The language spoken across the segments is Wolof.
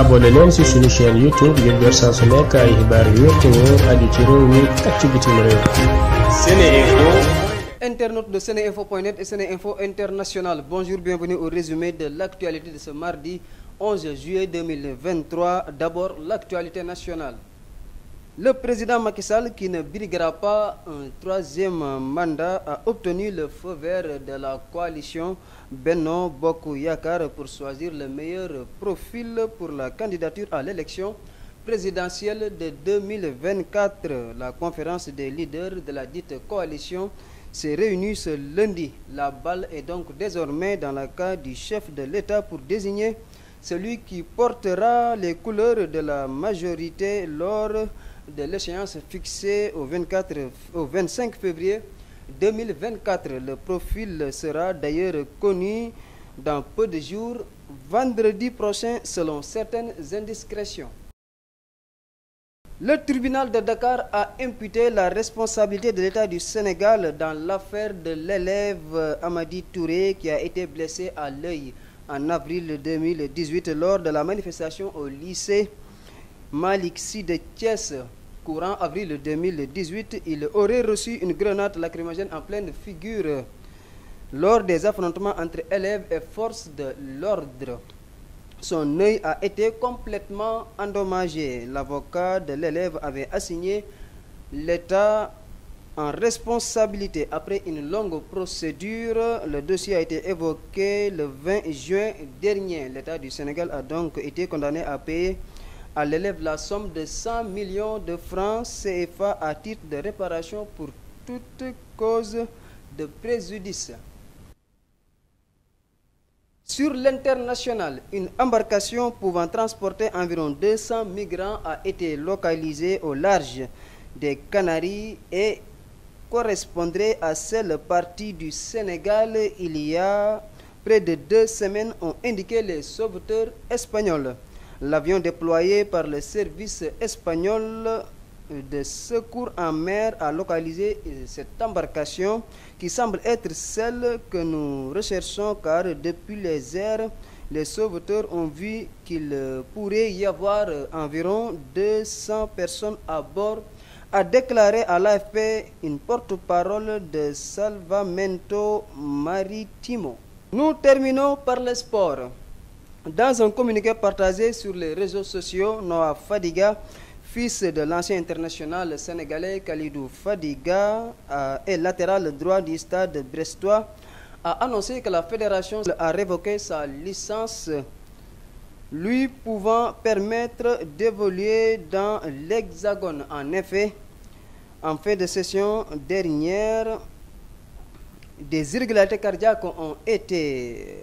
abonné leen ci suñu chaîne YouTube ngir jot saa su nekk ay xibaar yu wér te wóor aju ci réew de seneinfo.net et SeneInfo International, bonjour, bienvenue au résumé de l'actualité l'actualité nationale. Le président Macky Sall, qui ne briguera pas un troisième mandat, a obtenu le feu de la coalition Benno Bokk Yakaar pour choisir le meilleur profil pour la candidature à l'élection présidentielle de 2024. La conférence des leaders de la dite coalition s'est réunie ce lundi. La balle est donc désormais dans la camp du chef de l'État pour désigner celui qui portera les couleurs de la majorité lors de l'échéance fixée au 24 au 25 février 2024. Le profil sera d'ailleurs connu dans peu de jours, vendredi prochain, selon certaines indiscrétions. Le tribunal de Dakar a imputé la responsabilité de l'État du Sénégal dans l'affaire de l'élève Amadi Touré qui a été blessé à l'œil en avril 2018 lors de la manifestation au lycée Malik Sy de Thiès. Courant avril 2018, il aurait reçu une grenade lacrymogène en pleine figure lors des affrontements entre élèves et forces de l'ordre. Son œil a été complètement endommagé. L'avocat de l'élève avait assigné l'État en responsabilité. Après une longue procédure, le dossier a été évoqué le 20 juin dernier. L'État du Sénégal a donc été condamné à payer à l'élève la somme de 100 millions de francs CFA à titre de réparation pour toute cause de préjudice. Sur l'international, une embarcation pouvant transporter environ 200 migrants a été localisée au large des Canaries et correspondrait à celle partie du Sénégal il y a près de deux semaines, ont indiqué les sauveteurs espagnols. L'avion déployé par le service espagnol de secours en mer a localisé cette embarcation qui semble être celle que nous recherchons car depuis les airs, les sauveteurs ont vu qu'il pourrait y avoir environ 200 personnes à bord, a déclaré à l'AFP une porte-parole de Salvamento Maritimo. Nous terminons par le sport. Dans un communiqué partagé sur les réseaux sociaux, Noah Fadiga, fils de l'ancien international sénégalais Khalidou Fadiga euh, et latéral droit du stade brestois, a annoncé que la fédération a révoqué sa licence lui pouvant permettre d'évoluer dans l'Hexagone. En effet, en fin de session dernière, des irrégularités cardiaques ont été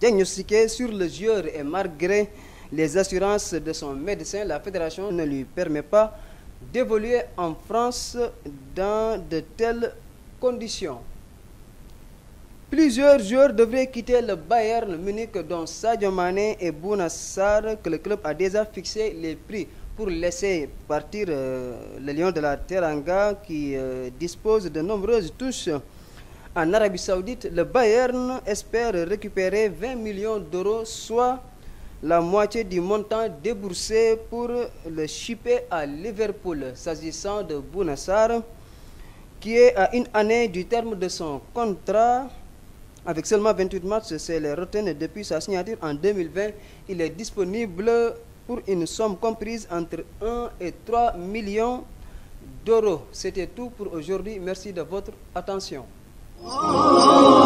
diagnostiqué sur le joueur et malgré les assurances de son médecin, la fédération ne lui permet pas d'évoluer en France dans de telles conditions. Plusieurs joueurs devraient quitter le Bayern Munich dont Sadio Mané et Bouna Sarr que le club a déjà fixé les prix pour laisser partir euh, le lion de la Teranga qui euh, dispose de nombreuses touches En Arabie Saoudite, le Bayern espère récupérer 20 millions d'euros, soit la moitié du montant déboursé pour le chipper à Liverpool. S'agissant de Bounassar, qui est à une année du terme de son contrat, avec seulement 28 matchs, c'est le Rotten depuis sa signature en 2020. Il est disponible pour une somme comprise entre 1 et 3 millions d'euros. C'était tout pour aujourd'hui. Merci de votre attention. Oh.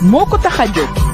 moo ko tax a jóg